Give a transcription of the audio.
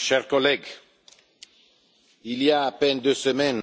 chers collègues il y a à peine deux semaines